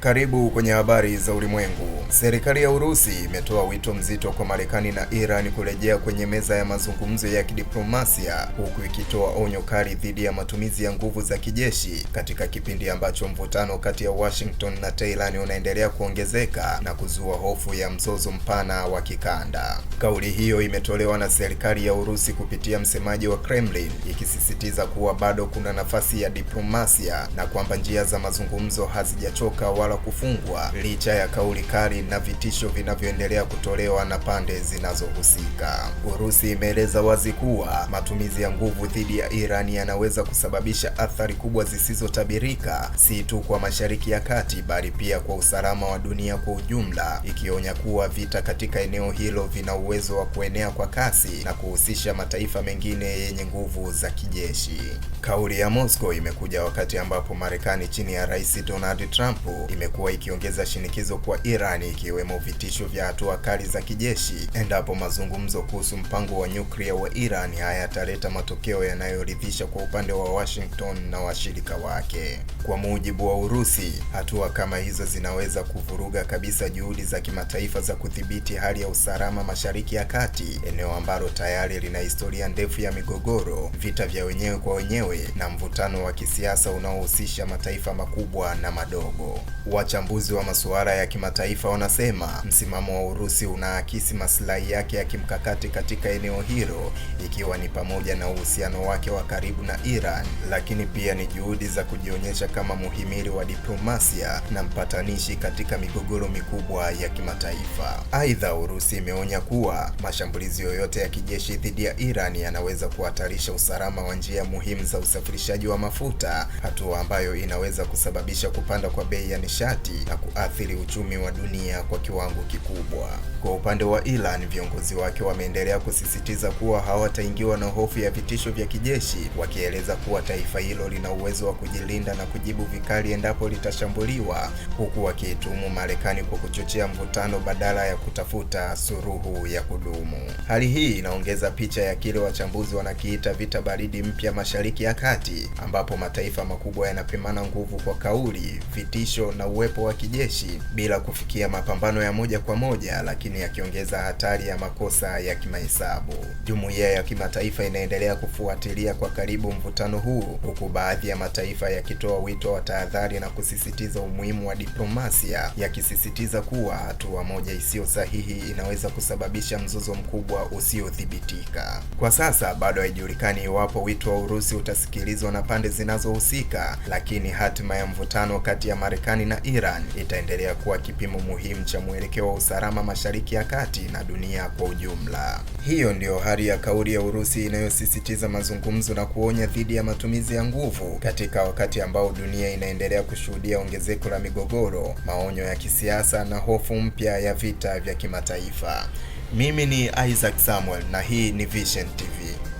Karibu kwenye habari za ulimwengu. Serikali ya Urusi imetoa wito mzito kwa Marekani na Iran kurejea kwenye meza ya mazungumzo ya kidiplomasia huku ikitoa onyo kali dhidi ya matumizi ya nguvu za kijeshi katika kipindi ambacho mvutano kati ya Washington na Tehran unaendelea kuongezeka na kuzua hofu ya mzozo mpana wa kikanda. Kauli hiyo imetolewa na serikali ya Urusi kupitia msemaji wa Kremlin ikisisitiza kuwa bado kuna nafasi ya diplomasia na kwamba njia za mazungumzo hazijachoka wala kufungwa licha ya kauli kali na vitisho vinavyoendelea kutolewa na pande zinazohusika. Urusi imeeleza wazi kuwa matumizi ya nguvu dhidi ya iran yanaweza kusababisha athari kubwa zisizotabirika, si tu kwa Mashariki ya Kati bali pia kwa usalama wa dunia kwa ujumla, ikionya kuwa vita katika eneo hilo vina uwezo wa kuenea kwa kasi na kuhusisha mataifa mengine yenye nguvu za kijeshi. Kauli ya Moscow imekuja wakati ambapo Marekani chini ya Rais Donald Trump imekuwa ikiongeza shinikizo kwa Iran, ikiwemo vitisho vya hatua kali za kijeshi endapo mazungumzo kuhusu mpango wa nyuklia wa Iran hayataleta matokeo yanayoridhisha kwa upande wa Washington na washirika wake. Kwa mujibu wa Urusi, hatua kama hizo zinaweza kuvuruga kabisa juhudi za kimataifa za kudhibiti hali ya usalama Mashariki ya Kati, eneo ambalo tayari lina historia ndefu ya migogoro, vita vya wenyewe kwa wenyewe na mvutano wa kisiasa unaohusisha mataifa makubwa na madogo. Wachambuzi wa masuala ya kimataifa wanasema msimamo wa Urusi unaakisi maslahi yake ya kimkakati katika eneo hilo, ikiwa ni pamoja na uhusiano wake wa karibu na Iran, lakini pia ni juhudi za kujionyesha kama muhimili wa diplomasia na mpatanishi katika migogoro mikubwa ya kimataifa. Aidha, Urusi imeonya kuwa mashambulizi yoyote ya kijeshi dhidi ya Iran yanaweza kuhatarisha usalama wa njia muhimu za usafirishaji wa mafuta, hatua ambayo inaweza kusababisha kupanda kwa bei ya nishati nishati na kuathiri uchumi wa dunia kwa kiwango kikubwa. Kwa upande wa Iran, viongozi wake wameendelea kusisitiza kuwa hawataingiwa na hofu ya vitisho vya kijeshi, wakieleza kuwa taifa hilo lina uwezo wa kujilinda na kujibu vikali endapo litashambuliwa, huku wakiitumu Marekani kwa kuchochea mvutano badala ya kutafuta suluhu ya kudumu. Hali hii inaongeza picha ya kile wachambuzi wanakiita vita baridi mpya Mashariki ya Kati, ambapo mataifa makubwa yanapimana nguvu kwa kauli, vitisho na uwepo wa kijeshi bila kufikia mapambano ya moja kwa moja, lakini yakiongeza hatari ya makosa ya kimahesabu. Jumuiya ya kimataifa inaendelea kufuatilia kwa karibu mvutano huu, huku baadhi ya mataifa yakitoa wito wa tahadhari na kusisitiza umuhimu wa diplomasia, yakisisitiza kuwa hatua moja isiyo sahihi inaweza kusababisha mzozo mkubwa usiodhibitika. Kwa sasa bado haijulikani iwapo wito wa Urusi utasikilizwa na pande zinazohusika, lakini hatima ya mvutano kati ya Marekani na Iran itaendelea kuwa kipimo muhimu cha mwelekeo wa usalama Mashariki ya Kati na dunia kwa ujumla. Hiyo ndiyo hali ya kauli ya Urusi inayosisitiza mazungumzo na kuonya dhidi ya matumizi ya nguvu katika wakati ambao dunia inaendelea kushuhudia ongezeko la migogoro, maonyo ya kisiasa na hofu mpya ya vita vya kimataifa. Mimi ni Isaac Samuel na hii ni Vision TV.